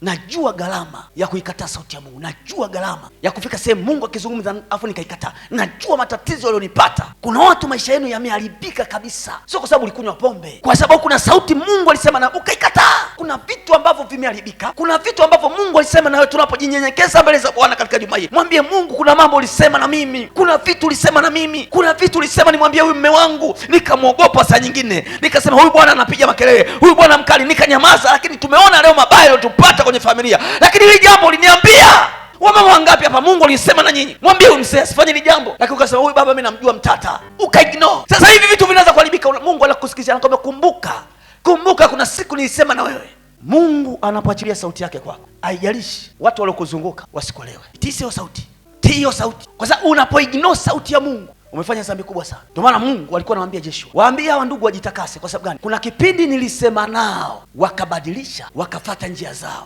Najua gharama ya kuikataa sauti ya Mungu, najua gharama ya kufika sehemu Mungu akizungumza afu nikaikataa. Najua matatizo yaliyonipata. Kuna watu maisha yenu yameharibika kabisa, sio kwa sababu ulikunywa pombe, kwa sababu kuna sauti Mungu alisema na ukaikataa vimeharibika, kuna vitu ambavyo Mungu alisema nawe. Tunapojinyenyekeza mbele za Bwana katika juma hili, mwambie Mungu, kuna mambo ulisema na mimi, kuna vitu ulisema na mimi, kuna vitu ulisema nimwambie huyu mme wangu, nikamwogopa. Saa nyingine nikasema huyu bwana anapiga makelele, huyu bwana mkali, nikanyamaza. Lakini tumeona leo mabaya aliotupata kwenye familia, lakini hili jambo liniambia Wamama wangapi hapa Mungu alisema na nyinyi, mwambie huyu mzee asifanye hili jambo, lakini ukasema huyu baba, mi namjua mtata, ukaigno Sasa hivi vitu vinaweza kuharibika. Mungu anakusikiliza, anakwambia kumbuka, kumbuka, kuna siku nilisema na wewe. Mungu anapoachilia sauti yake kwako, haijalishi watu waliokuzunguka wasikuelewe. Tii hiyo sauti, tii hiyo sauti, kwa sababu unapoignore sauti ya Mungu umefanya dhambi kubwa sana. Ndio maana Mungu alikuwa anamwambia Joshua, waambie hawa ndugu wajitakase. Kwa sababu gani? Kuna kipindi nilisema nao wakabadilisha, wakafata njia zao.